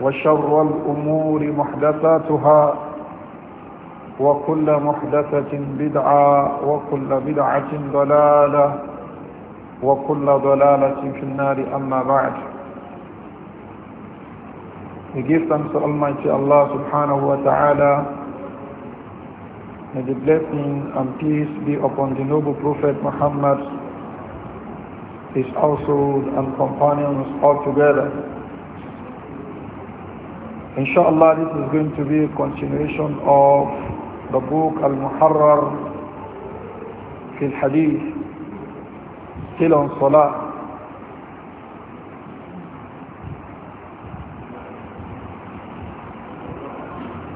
وشر الأمور محدثاتها وكل محدثة بدعة وكل بدعة ضلالة وكل ضلالة في النار أما بعد We give thanks to Almighty Allah subhanahu wa ta'ala. May the blessing and peace be upon the noble Prophet Muhammad, his household and companions all together. Inshallah, this is going to be a continuation of the book Al-Muharrar fil Hadith, still on Salah.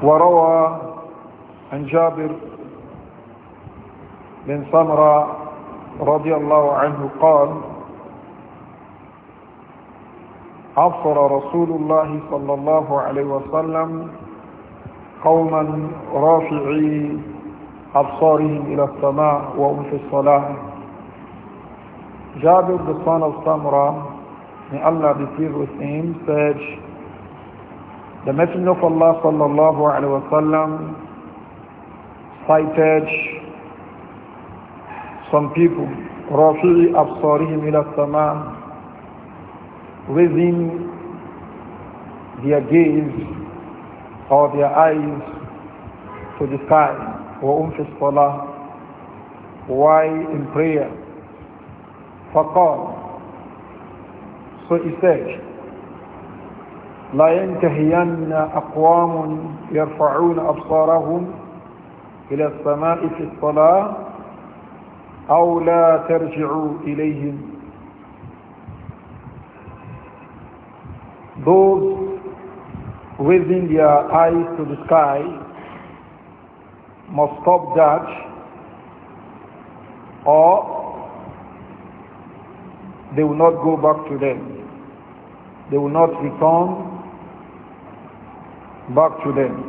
وروى عن جابر بن سمرة رضي الله عنه قال حصر رسول الله صلى الله عليه وسلم قوما رافعي أبصارهم إلى السماء وهم في الصلاة جابر بن الصمرة من الله بسير وسيم سج لما تنف الله صلى الله عليه وسلم سيتج some people رافعي أبصارهم إلى السماء raising their gaze or their eyes to the sky وهم في الصلاة while in prayer فقال so he said لا ينتهين أقوام يرفعون أبصارهم إلى السماء في الصلاة أو لا ترجعوا إليهم Those raising their eyes to the sky must stop that or they will not go back to them. They will not return back to them.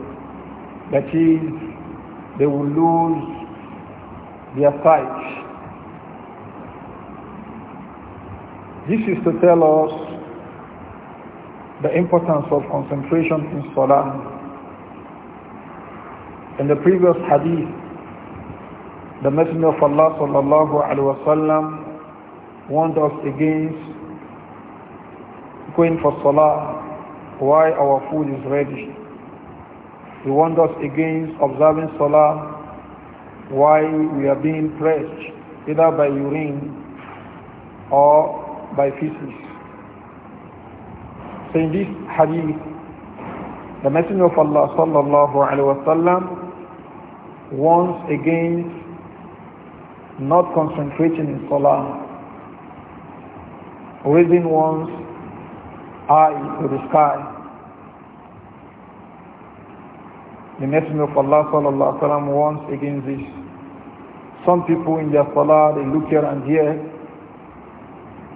That is, they will lose their sight. This is to tell us the importance of concentration in Salah. In the previous hadith, the Messenger of Allah sallallahu alaihi wasallam warned us against going for Salah while our food is ready. He warned us against observing Salah while we are being pressed either by urine or by feces. Saying in this hadith, the Messenger of Allah sallallahu alaihi wasallam warns against not concentrating in salah, raising one's eye to the sky. The Messenger of Allah sallallahu alaihi wasallam warns against this. Some people in their salah they look here and here.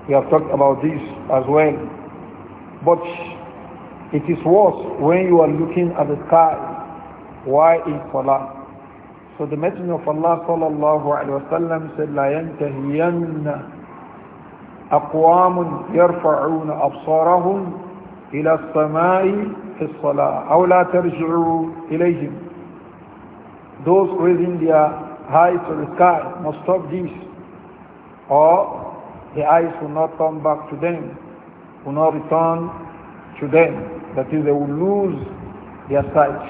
We have talked about this as well. But it is worse when you are looking at the sky. Why in Salah? So the Messenger of Allah sallallahu alayhi wa sallam said, لا ينتهين أقوام يرفعون أبصارهم إلى السماء في الصلاة أو لا ترجعوا إليهم. Those raising their eyes to the sky must stop this or the eyes will not come back to them will not return to them. That is, they will lose their sight.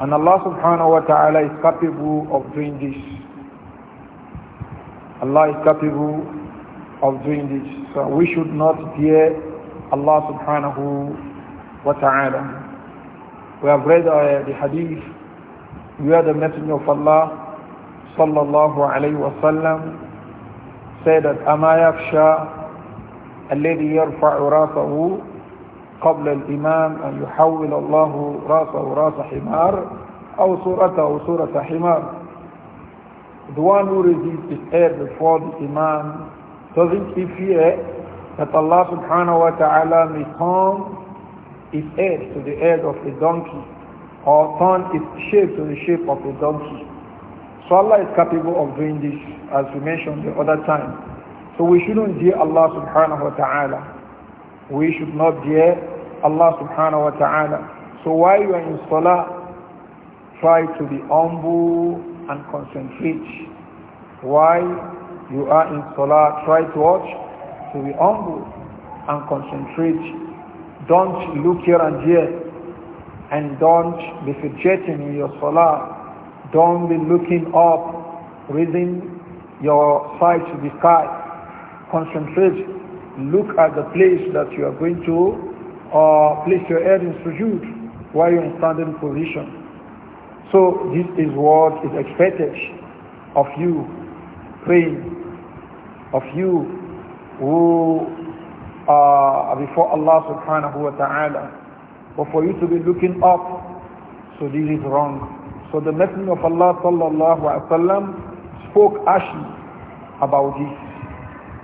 And Allah subhanahu wa ta'ala is capable of doing this. Allah is capable of doing this. So we should not fear Allah subhanahu wa ta'ala. We have read uh, the hadith where the Messenger of Allah sallallahu alayhi wa sallam said that, Ama yaksha الذي يرفع راسه قبل الإمام أن يحول الله راسه راس حمار أو صورته صورة حمار The one who raises his head before the Imam doesn't he fear that Allah subhanahu wa ta'ala may turn his head to the head of a donkey or turn its shape to the shape of a donkey. So Allah is capable of doing this as we mentioned the other time. So we shouldn't dear Allah subhanahu wa ta'ala. We should not dear Allah subhanahu wa ta'ala. So while you are in salah, try to be humble and concentrate. While you are in salah, try to watch, to be humble and concentrate. Don't look here and there and don't be fidgeting in your salah. Don't be looking up, raising your sight to the sky concentrate, look at the place that you are going to uh, place your head in sujood while you're in standing position. So this is what is expected of you praying, of you who are before Allah subhanahu wa ta'ala, But for you to be looking up. So this is wrong. So the Messenger of Allah sallallahu alaihi wasallam spoke harshly about this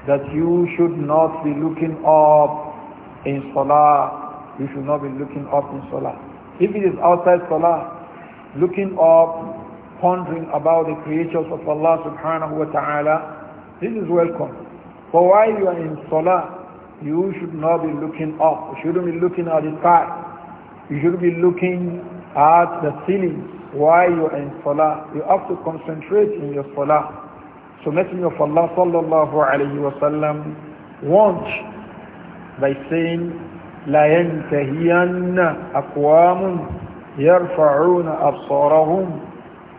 that you should not be looking up in Salah. You should not be looking up in Salah. If it is outside Salah, looking up, pondering about the creatures of Allah subhanahu wa ta'ala, this is welcome. But while you are in Salah, you should not be looking up. You shouldn't be looking at the sky. You should be looking at the ceiling while you are in Salah. You have to concentrate in your Salah. So Messenger of Allah sallallahu alayhi wa sallam warned by saying, لا ينتهين أقوام يرفعون أبصارهم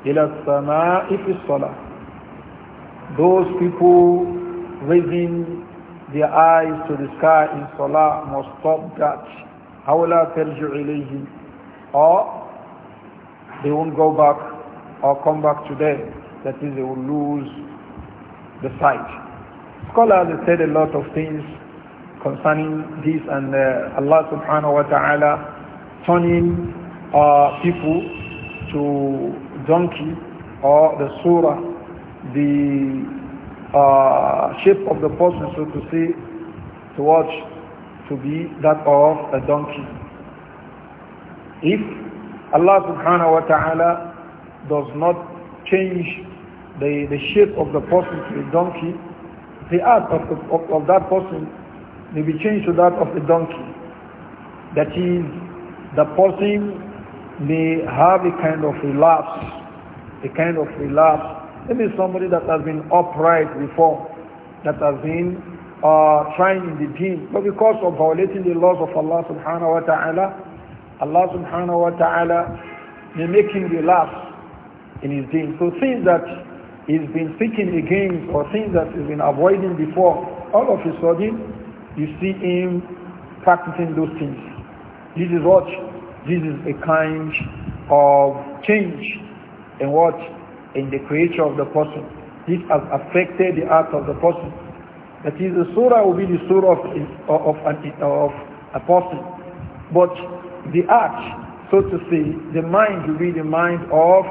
إلى السماء في الصلاة. Those people raising their eyes to the sky in salah must stop that. How will I tell you religion? Or they won't go back or come back today. That is, they will lose the site. Scholars have said a lot of things concerning this and uh, Allah subhanahu wa ta'ala turning uh, people to donkey or the surah, the uh, shape of the person so to say to watch to be that of a donkey. If Allah subhanahu wa ta'ala does not change the, the shape of the person to a donkey, the art of, the, of, of, that person may be changed to that of a donkey. That is, the person may have a kind of relapse, a kind of relapse. Maybe somebody that has been upright before, that has been uh, trying in the deen, but because of violating the laws of Allah subhanahu wa ta'ala, Allah subhanahu wa ta'ala may make him relapse in his deen. So things that he's been speaking against or things that he's been avoiding before, all of a sudden you see him practicing those things. This is what? This is a kind of change in what? In the creature of the person. This has affected the art of the person. That is, the surah will be the surah of, of, of a person. But the art, so to say, the mind will be the mind of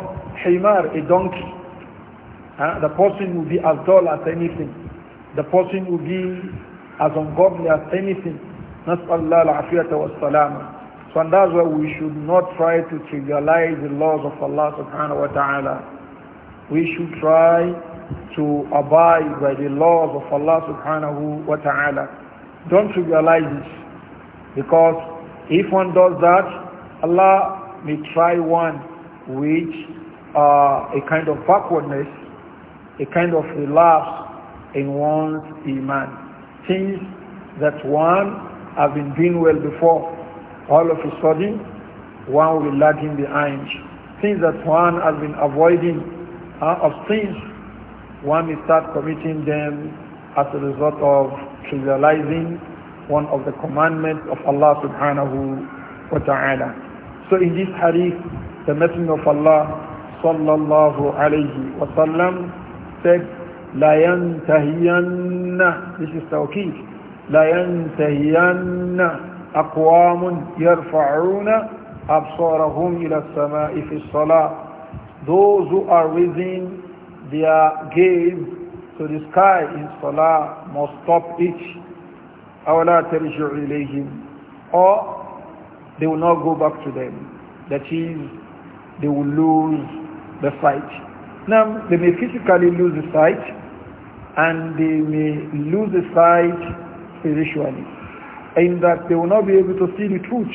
Himar, a donkey. Uh, the person will be as dull as anything. The person will be as ungodly as anything. Nas'Allah al-afiyata wa salama. So and that's why we should not try to trivialize the laws of Allah subhanahu wa ta'ala. We should try to abide by the laws of Allah subhanahu wa ta'ala. Don't trivialize it. Because if one does that, Allah may try one with uh, a kind of backwardness a kind of relapse in one's iman. Things that one has been doing well before, all of a sudden, one will be lagging behind. Things that one has been avoiding uh, of things, one will start committing them as a result of trivializing one of the commandments of Allah subhanahu wa ta'ala. So in this hadith, the Messenger of Allah sallallahu alayhi wa sallam said, This is Those who are raising their gaze to the sky in salah must stop it. أَوَلَا تَرْجِعُ إِلَيْهِمْ Or they will not go back to them. That is, they will lose the fight. Now, they may physically lose the sight and they may lose the sight spiritually. In that they will not be able to see the truth.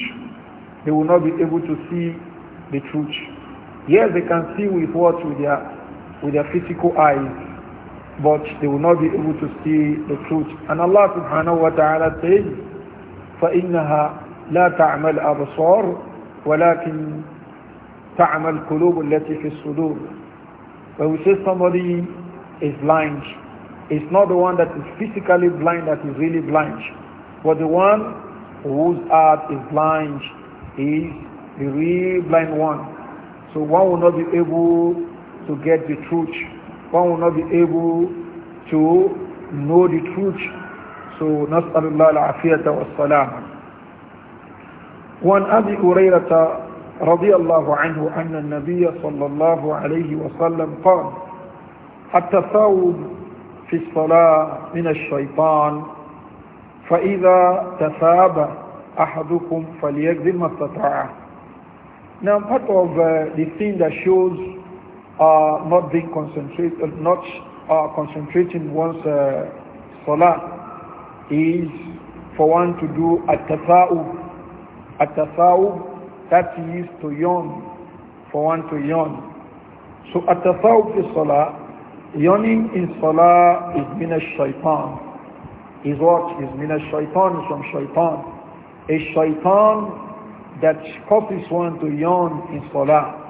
They will not be able to see the truth. Yes, they can see with what? With their, with their physical eyes. But they will not be able to see the truth. And Allah subhanahu wa ta'ala says, فَإِنَّهَا لا تعمى الأبصار ولكن تعمى القلوب التي في الصدور when we say somebody is blind, it's not the one that is physically blind that is really blind, but the one whose heart is blind is the real blind one. So one will not be able to get the truth. One will not be able to know the truth. So نسأل الله العافية والسلامة. وعن أبي هريرة رضي الله عنه أن النبي صلى الله عليه وسلم قال التثاوب في الصلاة من الشيطان فإذا تثاب أحدكم فليكذب ما استطاع Now part of uh, the thing that shows uh, not being concentrated, not uh, concentrating one's uh, salah is for one to do at-tatha'ub. At-tatha'ub That is to yawn, for one to yawn. So at the of salah, yawning in salah is min shaitan. Is what? Is min shaitan, is from shaitan. A shaitan that causes one to yawn in salah.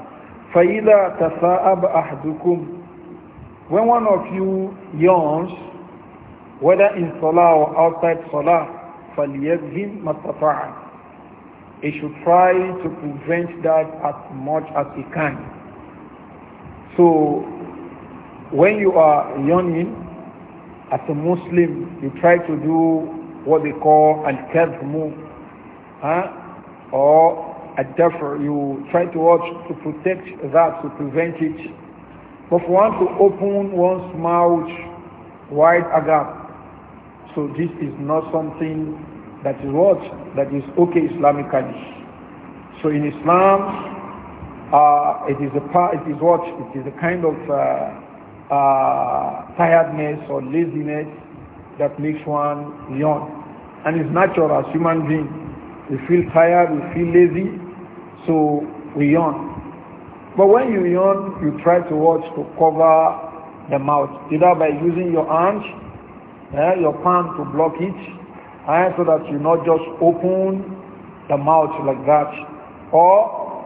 فَإِذَا تَفَاءَبَ أَحْدُكُمْ When one of you yawns, whether in salah or outside salah, فَلْيَبْهِمْ مَتَّفَعَ he should try to prevent that as much as he can. So when you are yawning, as a Muslim, you try to do what they call al-kadh move, huh? or a defer. you try to watch to protect that, to prevent it. But for one to open one's mouth wide agape, so this is not something that is what? That is okay Islamically. So in Islam, uh, it is a part, it is what? It is a kind of uh, uh, tiredness or laziness that makes one yawn. And it's natural as human being. We feel tired, we feel lazy, so we yawn. But when you yawn, you try to watch to cover the mouth, either by using your arms, eh, your palm to block it, and so that you not just open the mouth like that or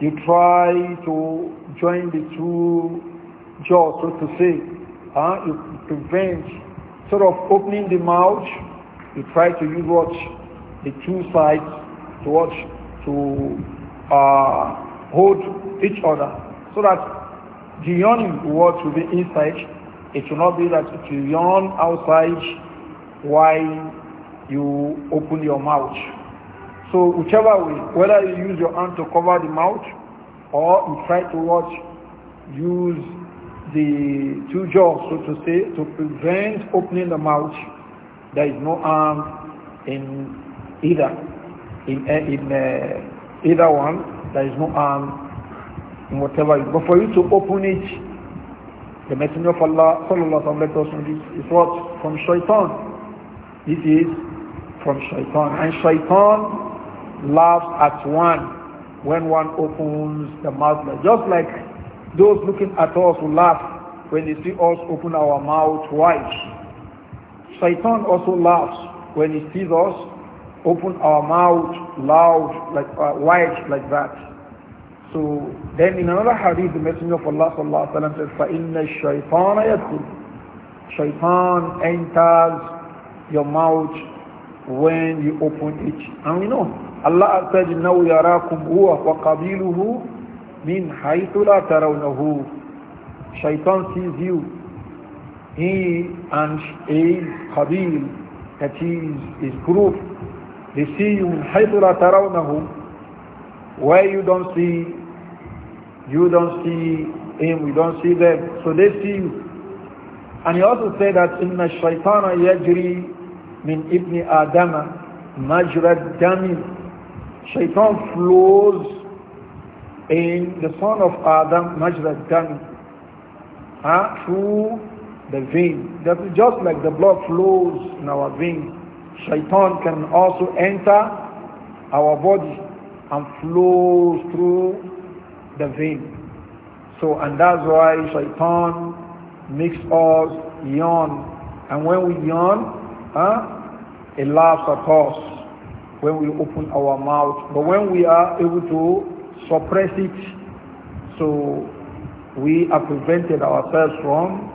you try to join the two jaws so to say huh? you prevent sort of opening the mouth you try to use what the two sides to watch to uh, hold each other so that the yawning what will be inside it will not be that you yawn outside while you open your mouth. So whichever way, whether you use your hand to cover the mouth or you try to watch, use the two jaws, so to say, to prevent opening the mouth, there is no harm in either. In, eh, in uh, either one, there is no harm in whatever. but for you to open it, the Messenger of Allah, sallallahu alaihi wasallam, let us know this is what from shaitan. This is from shaitan. And shaitan laughs at one when one opens the mouth. Just like those looking at us who laugh when they see us open our mouth wide. Shaitan also laughs when he sees us open our mouth loud, like uh, wide, like that. So then in another hadith, the Messenger of Allah sallallahu alaihi wasallam says, فَإِنَّ الشَّيْطَانَ يَدْخُلُ Shaitan enters your mouth when you open it. And we know Allah said, "Now yarakum huwa wa qabiluhu min haythu la tarawnahu." Shaitan sees you. He and his qabil, that is his group, they see you in haythu la tarawnahu, where you don't see, you don't see him, we don't see them. So they see you. And he also said that in the shaitana yajri min ibn Adama majrad dami. Shaitan flows in the son of Adam majrad dami. Huh? Through the vein. That is just like the blood flows in our vein. Shaitan can also enter our body and flows through the vein. So, and that's why Shaitan makes us yawn. And when we yawn, huh, it laughs at us when we open our mouth. But when we are able to suppress it, so we have prevented ourselves from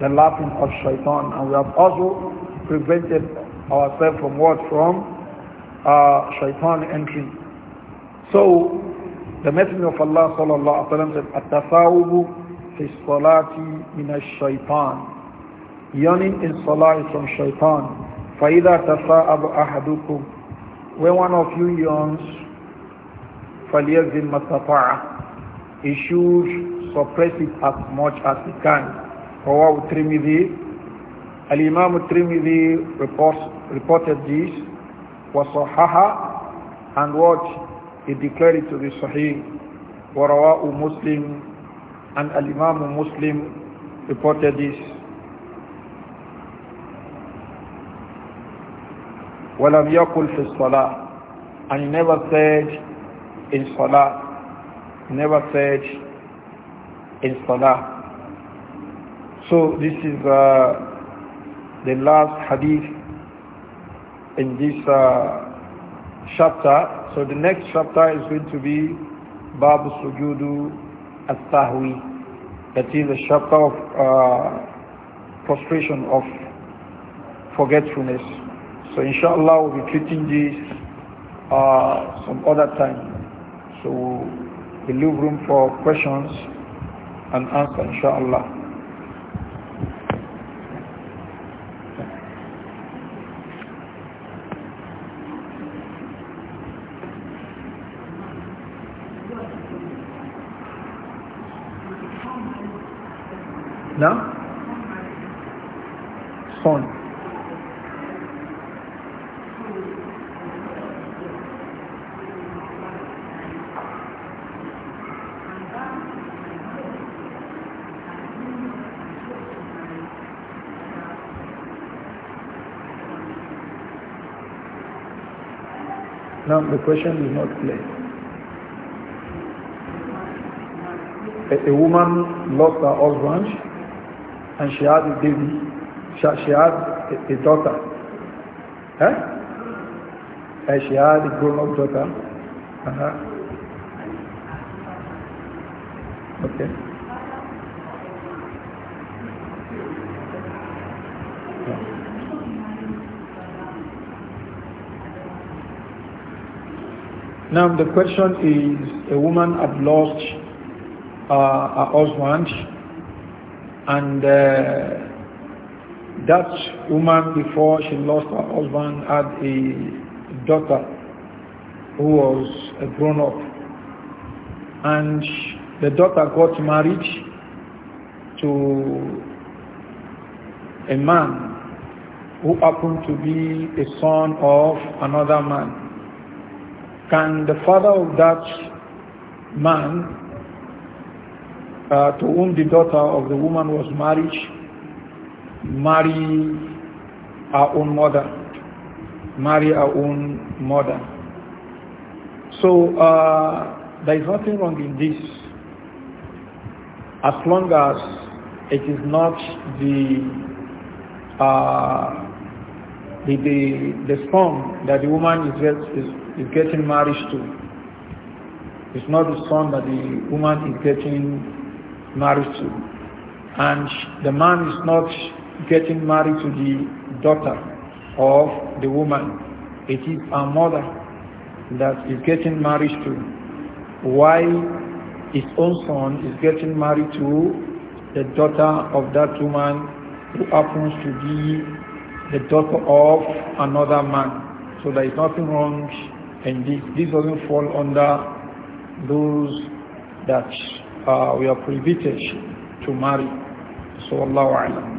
the laughing of shaitan and we have also prevented ourselves from what? From uh, shaitan entering. So the Messenger of Allah sallallahu wa wasallam said, "At-tasawubu fi salati min shaitan shaytan Yawning in salah is from shaitan. فَإِذَا Abu أَحَدُكُمْ When one of you yawns, فَلْيَزِمْ مَسْتَطَعَ He should suppress it as much as he can. رواه الترمذي Imam الترمذي reported this وصححه and what he declared it to be sahih ورواه مسلم and Imam Muslim reported this وَلَمْ يَقُلْ فِي الصَّلَاةِ And he never said in Salah. Never said in Salah. So this is uh, the last hadith in this uh, chapter. So the next chapter is going to be Bab Sujudu As-Sahwi. That is the chapter of uh, prostration of forgetfulness. So inshallah we'll be treating this uh, some other time. So we leave room for questions and answer inshallah. Now the question is not clear. A, a woman lost her husband and she had a baby. She, she had a, a daughter. Huh? Eh? And she had a grown-up daughter. Uh -huh. Okay. Now the question is a woman had lost uh, her husband and uh, that woman before she lost her husband had a daughter who was a grown up and the daughter got married to a man who happened to be a son of another man can the father of that man uh, to whom the daughter of the woman was married marry our own mother marry our own mother so uh, there is nothing wrong in this as long as it is not the uh, the, the, the son that the woman is, is, is getting married to. is not the son that the woman is getting married to. And the man is not getting married to the daughter of the woman. It is her mother that is getting married to. Why his own son is getting married to the daughter of that woman who happens to be the daughter of another man. So there is nothing wrong and this. This doesn't fall under those that uh, we are prohibited to marry. So Allah Alam.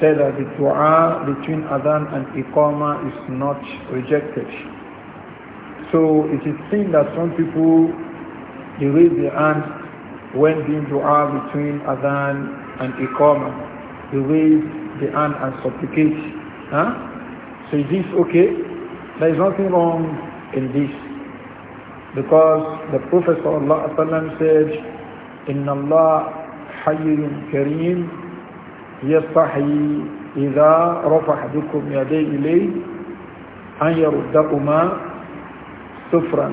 said that the dua between Adhan and Iqama is not rejected. So it is seen that some people they raise their hands when doing dua between Adhan and Iqama. They raise the hand and supplicate. Huh? So is this okay? There is nothing wrong in this. Because the Prophet said, إِنَّ اللَّهَ حَيِّرٌ كَرِيمٌ يستحي إذا رفع أحدكم يديه إليه أن يردهما صفرا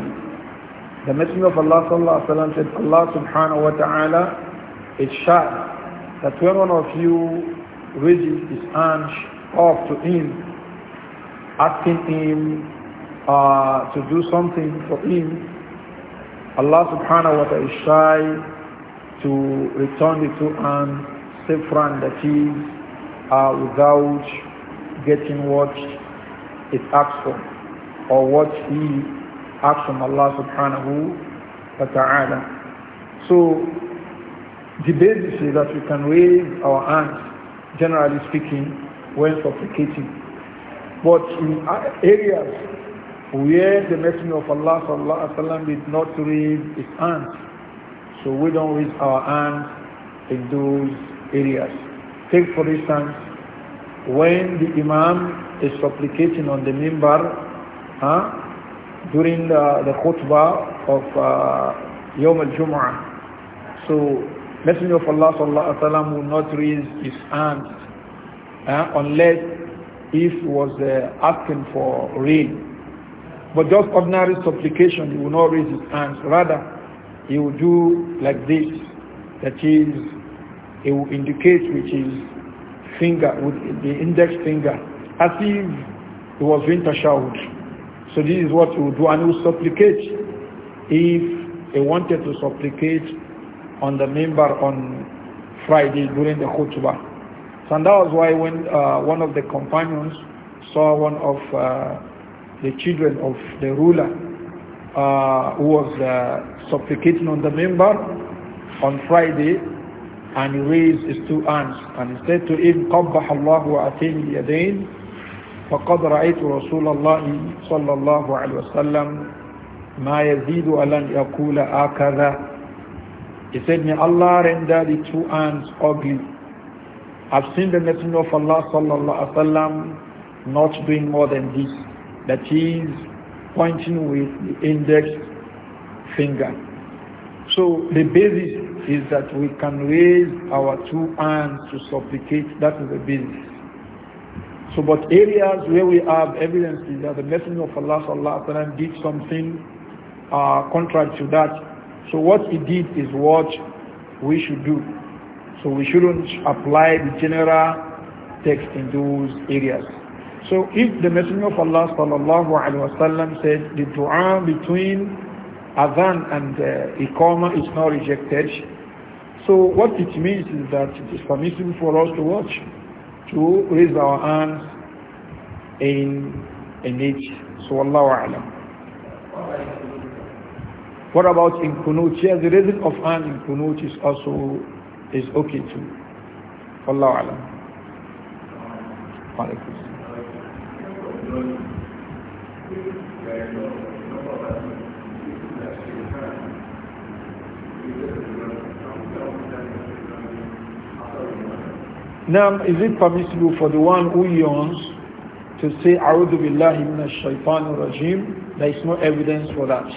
The message of Allah said, Allah subhanahu wa ta'ala, it shall that when one of you raises his hand off to him, asking him uh, to do something for him, Allah subhanahu wa ta'ala is shy to return the two hands saffron that is uh, without getting what it asks for or what he asks from Allah subhanahu wa ta'ala. So the basis is that we can raise our hands, generally speaking, when supplicating. But in areas where the Messenger of Allah sallallahu alaihi wasallam did not raise his hands, so we don't raise our hands in those areas. Take for instance, when the Imam is supplicating on the mimbar huh, during the, the khutbah of uh, Yom al-Jum'ah. So Messenger of Allah sallallahu alaihi wasallam will not raise his hands unless if he was uh, asking for rain. But just ordinary supplication, he will not raise his hands. Rather, he will do like this. That is, it will indicate which is finger, with the index finger, as if it was winter tashahud. So this is what he will do, and he will supplicate if he wanted to supplicate on the member on Friday during the khutbah. So and that was why when uh, one of the companions saw one of uh, the children of the ruler uh, who was uh, supplicating on the member on Friday, and raised his two arms, and said to him, قبح الله وأتيه اليدين فقد رأيت رسول الله صلى الله عليه وسلم ما يزيد ألن يقول هكذا He said, May Allah render the two arms ugly. I've seen the Messenger of Allah sallallahu alaihi wasallam not doing more than this. That is pointing with the index finger. So the basis is that we can raise our two hands to supplicate. That is the business. So, but areas where we have evidence is that the Messenger of Allah sallallahu alaihi did something uh, contrary to that. So, what he did is what we should do. So, we shouldn't apply the general text in those areas. So, if the Messenger of Allah sallallahu alaihi wasallam said the du'a between Adhan and uh, is not rejected. So what it means is that it is permissible for us to watch, to raise our hands in, in it. So Allah Alam. What about in Kunut? Yes, the raising of hand in Kunut is also is okay too. Allah Alam. Alaykum. Now, is it permissible for the one who yawns to say, A'udhu billahi minash shaitanir rajim? There is no evidence for that.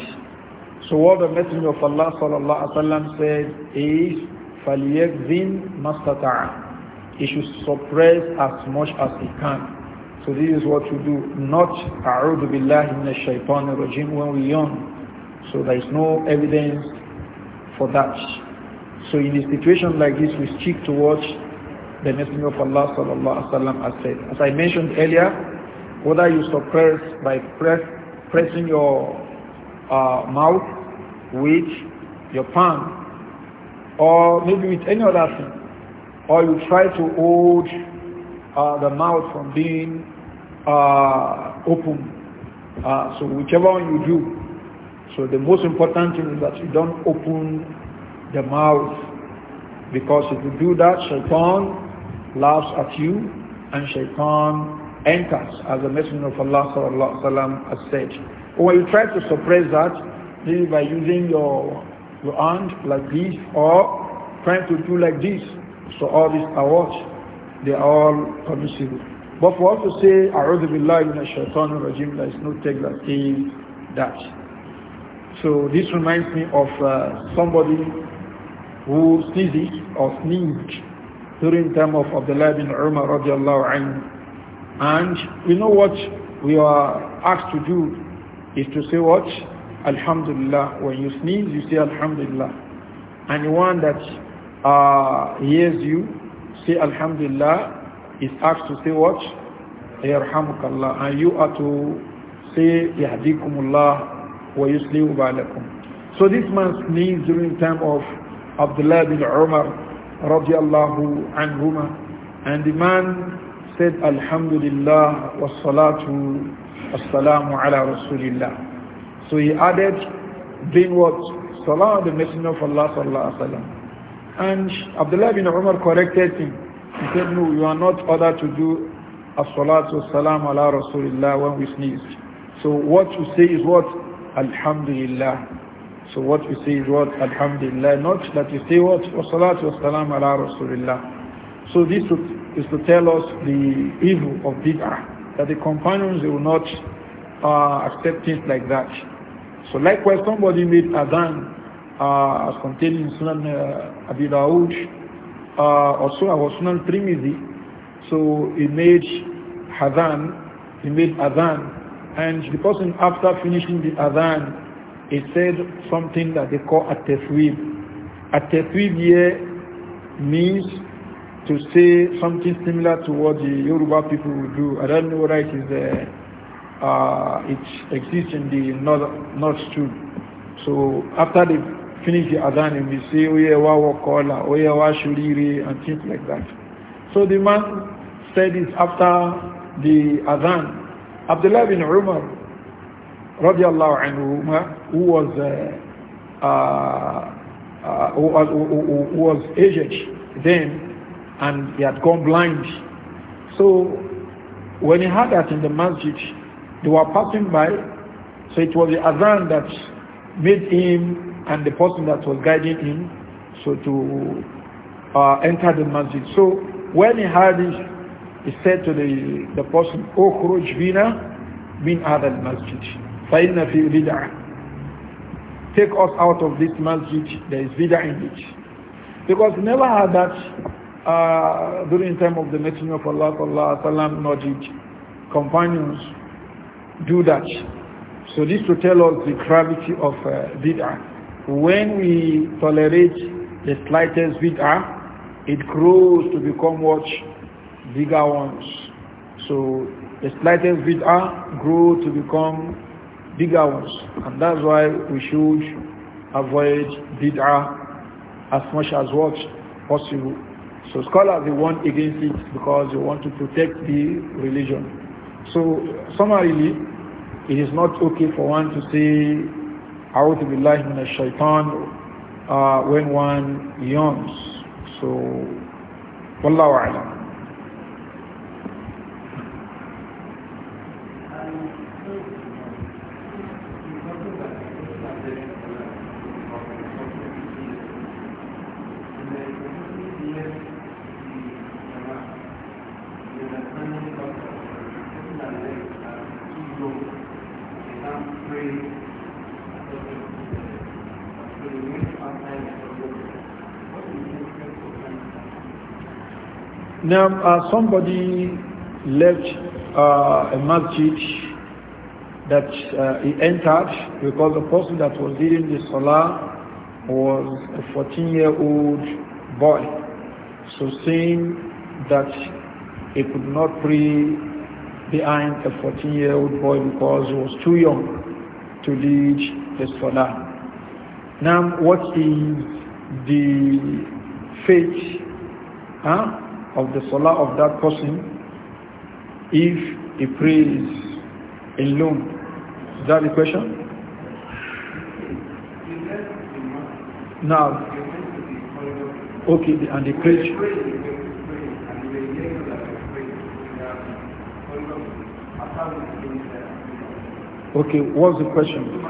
So what the Messenger of Allah sallallahu alaihi wasallam said is, فَلْيَكْذِنْ مَسْتَطَعَ He should suppress as much as he can. So this is what you do, not A'udhu billahi minash shaitanir rajim when we yawn. So there is no evidence for that. So in a situation like this, we stick to what the Messenger of Allah sallallahu alaihi wasallam has said. As I mentioned earlier, whether you suppress by press, pressing your uh, mouth with your palm or maybe with any other thing, or you try to hold uh, the mouth from being uh, open. Uh, so whichever one you do, so the most important thing is that you don't open the mouth because if you do that, shaitan laughs at you and shaitan enters as the messenger of Allah Subhanahu wa Taala has said. When you try to suppress that maybe by using your your hand like this or trying to do like this. So all these are what? They are all permissible. But for us to say, A'udhu Billahi Minash Shaitan Rajim, there is no text that says that. So this reminds me of uh, somebody who sneezes or sneezed during time of Abdullah bin Umar radiallahu anhu. And we know what we are asked to do is to say what? Alhamdulillah. When you sneeze, you say Alhamdulillah. And one that uh, hears you say Alhamdulillah is asked to say what? Yarhamukallah. And you are to say Yahdikumullah wa yuslihu ba'lakum. So this man sneezed during time of Abdullah bin Umar radiallahu anhuma. And the man said, Alhamdulillah, wassalatu, assalamu ala rasulillah. So he added, then what? Salah the Messenger of Allah sallallahu alaihi wasallam. And Abdullah bin Umar corrected him. He said, no, you are not ordered to do as-salatu salam ala rasulillah when we sneeze. So what you say is what? Alhamdulillah. So what you say is what? Alhamdulillah. Not that you say what? Wassalatu salam ala Rasulillah. So this is to tell us the evil of bid'ah. That the companions, they will not uh, accept things like that. So likewise, somebody made adhan uh, as contained in Sunan uh, Abi Dawud, uh, also our Sunan Trimizi. So he made adhan, he made adhan, and the person after finishing the adhan, he said something that they call a tefwib. A here means to say something similar to what the Yoruba people do. I don't know what it is there. Uh, uh, it exists in the north, north too. So after they finish the Adhan and we say Oye wa wakola, Oye wa shuriri and things like that. So the man said this after the Adhan. Abdullah bin Umar radiallahu anhu, who was, uh, uh, uh who, was who, who, was aged then, and he had gone blind. So when he heard that in the masjid, they were passing by, so it was the Azan that made him and the person that was guiding him so to uh, enter the masjid. So when he heard it, he said to the, the person, O Khuruj Bina, bin Adal Masjid. فَإِنَّ فِي بِدْعَةٍ Take us out of this masjid, there is bid'ah in it. Because we never had that uh, during time of the Messenger of Allah sallallahu alaihi wasallam, nor did companions do that. So this to tell us the gravity of uh, bid'ah. When we tolerate the slightest bid'ah, it grows to become much Bigger ones. So the slightest bid'ah grow to become bigger ones. And that's why we should avoid bid'ah as much as what possible. So scholars, they want against it because they want to protect the religion. So summarily, it is not okay for one to say, A'udhu Billahi Minash Shaitan, uh, when one yawns. So, Wallahu A'lam. Now, uh, somebody left uh, a masjid that uh, he entered because the person that was leading the salah was a 14-year-old boy. So seeing that he could not pray behind a 14-year-old boy because he was too young to lead the salah. Now, what is the fate? Huh? of the salah of that person if he prays alone. Is that the question? Now, okay, and the preach. Okay, what's the question?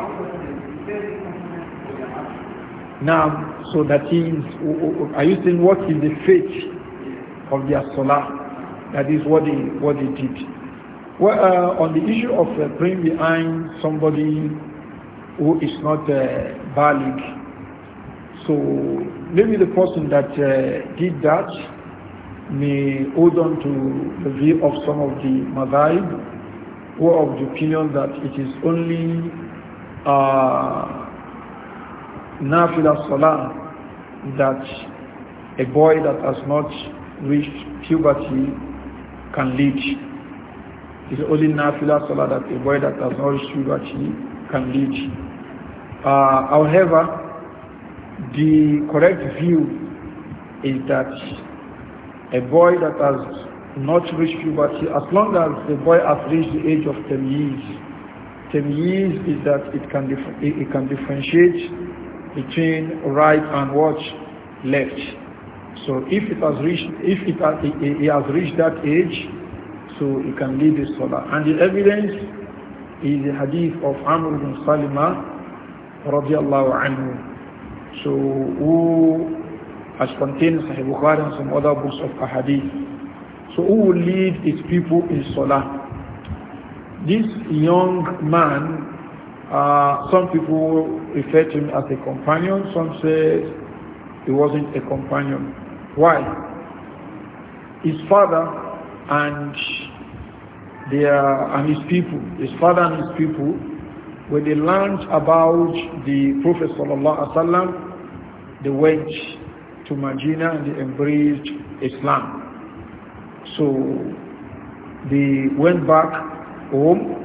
Now, so that is, are you saying what is the faith of their salah. That is what they, what they did. Well, uh, on the issue of uh, praying behind somebody who is not uh, valid, so maybe the person that uh, did that may hold on to the view of some of the Madhaib who are of the opinion that it is only uh, Nafila Salah that a boy that has not reached puberty can lead. It's only nafila salah that a boy that has not reached puberty can lead. Uh, however, the correct view is that a boy that has not reached puberty, as long as the boy has reached the age of 10 years, 10 years is that it can, it can differentiate between right and what left. So if it has reached, if it has, he has reached that age, so he can lead his salah. And the evidence is the hadith of Amr bin Salima radiallahu anhu. So who has contained Sahih Bukhari and some other books of hadith. So who will lead his people in salah? This young man, uh, some people refer to him as a companion, some say he wasn't a companion. Why? His father and their and his people, his father and his people, when they learned about the Prophet sallallahu they went to Medina and they embraced Islam. So they went back home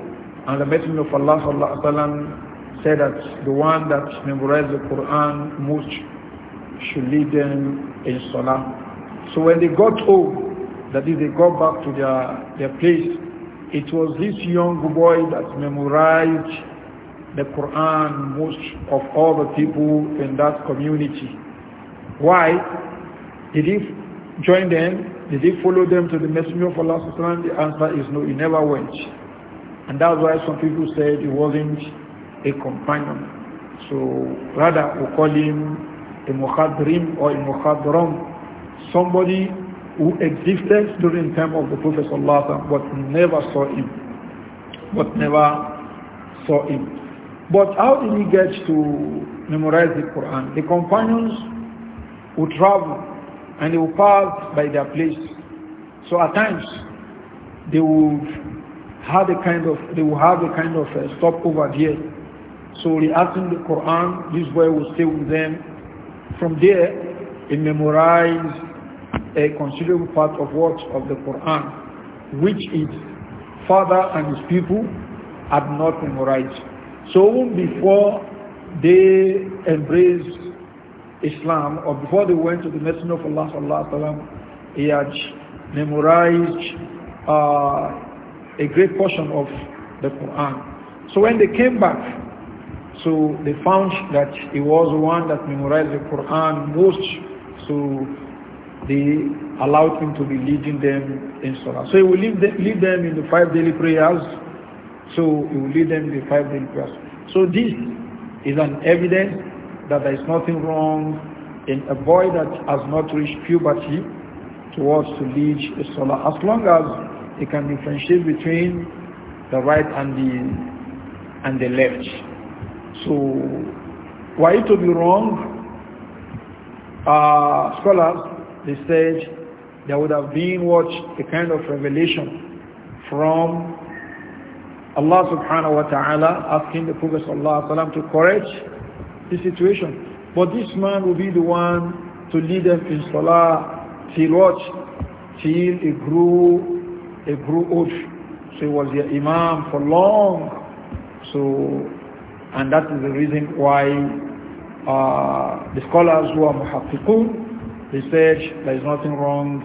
and the Messenger of Allah sallallahu said that the one that memorized the Quran most should lead them in Salah. So when they got home, that is, they got back to their, their place, it was this young boy that memorized the Quran most of all the people in that community. Why? Did he join them? Did he follow them to the Messenger of Allah? The answer is no, he never went. And that's why some people said he wasn't a companion. So rather we call him a muhadrim or a muhadram, somebody who existed during the time of the Prophet ﷺ but never saw him. But never saw him. But how did he get to memorize the Quran? The companions would travel and they would pass by their place. So at times they would have a kind of they would have a kind of a uh, stopover there. So reacting the Quran, this boy will stay with them from there, he memorized a considerable part of what? Of the Quran, which his father and his people had not memorized. So before they embraced Islam, or before they went to the Messenger of Allah sallallahu alaihi wasallam, he had memorized uh, a great portion of the Quran. So when they came back, so they found that he was one that memorized the Quran most. So they allowed him to be leading them in Salah. So he will lead them, lead them in the five daily prayers. So he will lead them in the five daily prayers. So this is an evidence that there is nothing wrong in a boy that has not reached puberty towards to lead a Salah. As long as he can differentiate between the right and the and the left. So, were it to be wrong, uh, scholars, they said there would have been what a kind of revelation from Allah subhanahu wa ta'ala asking the Prophet sallallahu alayhi wa to correct the situation. But this man will be the one to lead them in salah till what? Till he grew, he grew old. So he was their imam for long. So and that is the reason why uh, the scholars who are muhaqqiqun, they said there is nothing wrong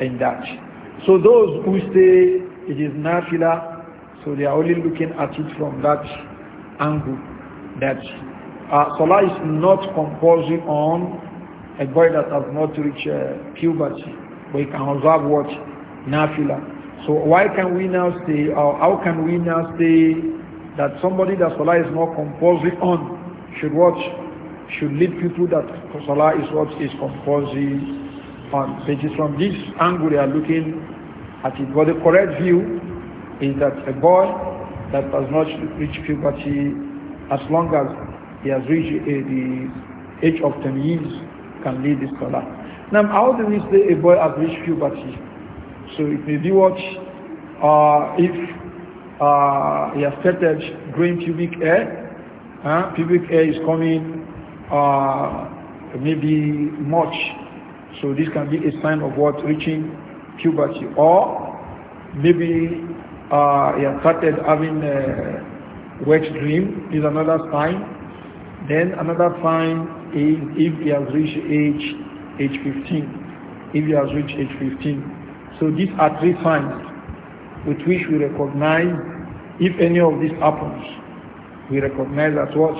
in that. So those who say it is nafila, so they are only looking at it from that angle, that uh, salah is not compulsory on a boy that has not reached uh, puberty, but he can observe what? Nafila. So why can we now say, or how can we now say that somebody that Salah is not compulsory on should watch, should lead people that Salah is what is compulsory on. It is from this angle they are looking at it. But the correct view is that a boy that has not reached puberty, as long as he has reached the age of 10 years, can lead this Salah. Now, how do we say a boy has reached puberty? So it may be what uh, if uh, he has started growing pubic hair. Uh, Pubic hair is coming uh, maybe much. So this can be a sign of what reaching puberty. Or maybe uh, he has started having a wet dream is another sign. Then another sign is if he has reached age age 15. If he has reached age 15. So these are three signs with which we recognize if any of this happens. We recognize that what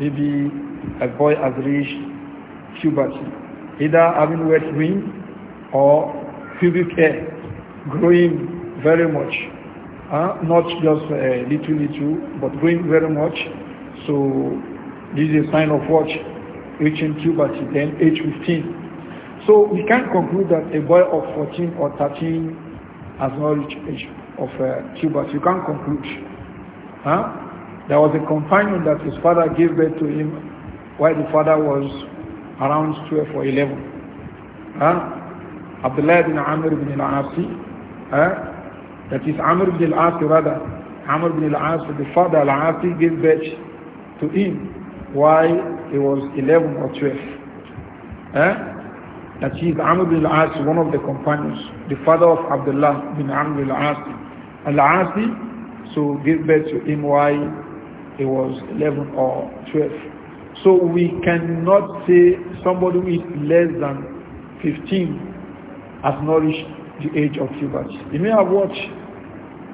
maybe a boy has reached puberty, either having wet wings or pubic hair growing very much, uh, not just a uh, little little, but growing very much. So this is a sign of what reaching puberty, then age 15. So we can conclude that a boy of 14 or 13 has not reached age of uh, but You can't conclude. Huh? There was a companion that his father gave birth to him while the father was around 12 or 11. Huh? Abdullah bin Amr bin al-Asi, huh? that is Amr bin al-Asi rather, Amr bin al-Asi, the father al-Asi gave birth to him while he was 11 or 12. Huh? That is Amr bin al-As, one of the companions, the father of Abdullah bin Amr bin al-As. Al-Asi, so gave birth to him while he was 11 or 12. So we cannot say somebody who is less than 15 has not reached the age of puberty. He may have watched,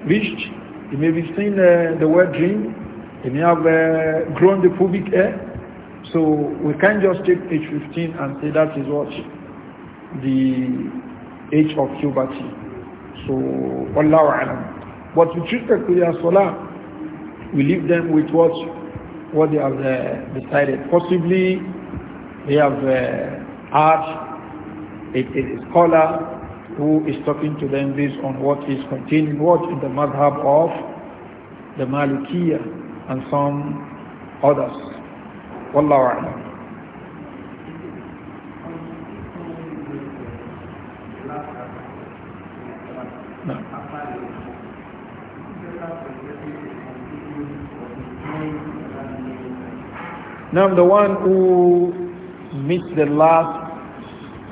reached, he may be seen uh, the word dream, he may have uh, grown the pubic hair. So we can't just take age 15 and say that is what the age of puberty. So, Allah alam. But with respect the their salah, we leave them with what, what they have uh, decided. Possibly they have uh, asked a, a scholar who is talking to them based on what is contained in what in the madhab of the Malikiya and some others. Wallahu a'lam. Now the one who meets the last,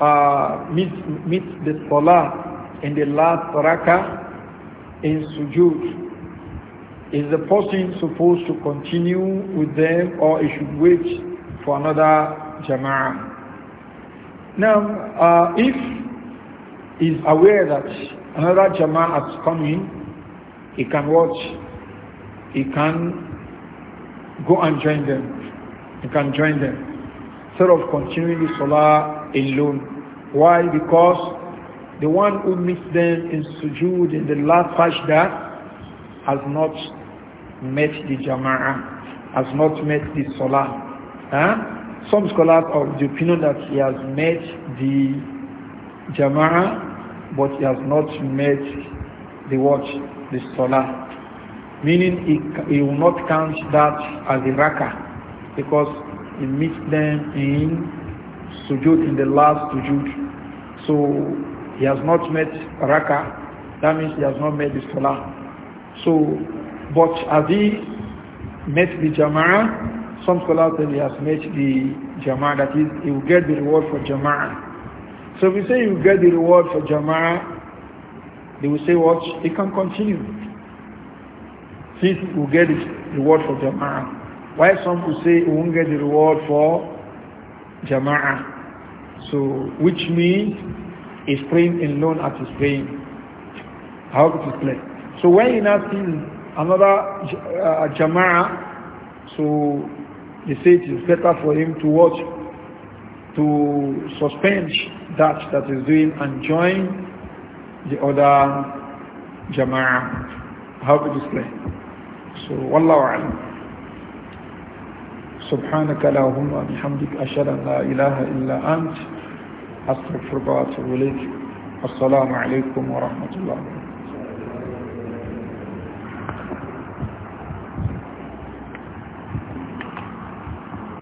uh, meets, meets the salah in the last rakah in sujood, is the person supposed to continue with them or he should wait for another jama'ah? Now, uh, if is aware that another jama'ah is coming, he can watch, he can go and join them you can join them. Instead of continuing the salah alone. Why? Because the one who meets them in sujood in the last sajda has not met the jama'ah, has not met the salah. Huh? Some scholars are of the opinion that he has met the jama'ah, but he has not met the watch, the salah. Meaning he, he will not count that as a rakah because he meets them in sujud in the last sujud. So he has not met raka. That means he has not met the salah. So, but as he met the jama'ah, some scholars say he has met the jama'ah. That is, he will get the reward for jama'ah. So if we say you get the reward for jama'ah, they will say what? He can continue. He will get the reward for jama'ah. Why some will say you won't get the reward for jama'ah. So, which means he's praying alone as is praying. How it is clear. So when he now another uh, jama'ah, so he say it is better for him to watch, to suspend that that is doing and join the other jama'ah. How it is clear. So, wallahu alam. سبحانك اللهم بحمدك أشهد أن لا إله إلا أنت أستغفرك وأتوب إليك السلام عليكم ورحمة الله وبركاته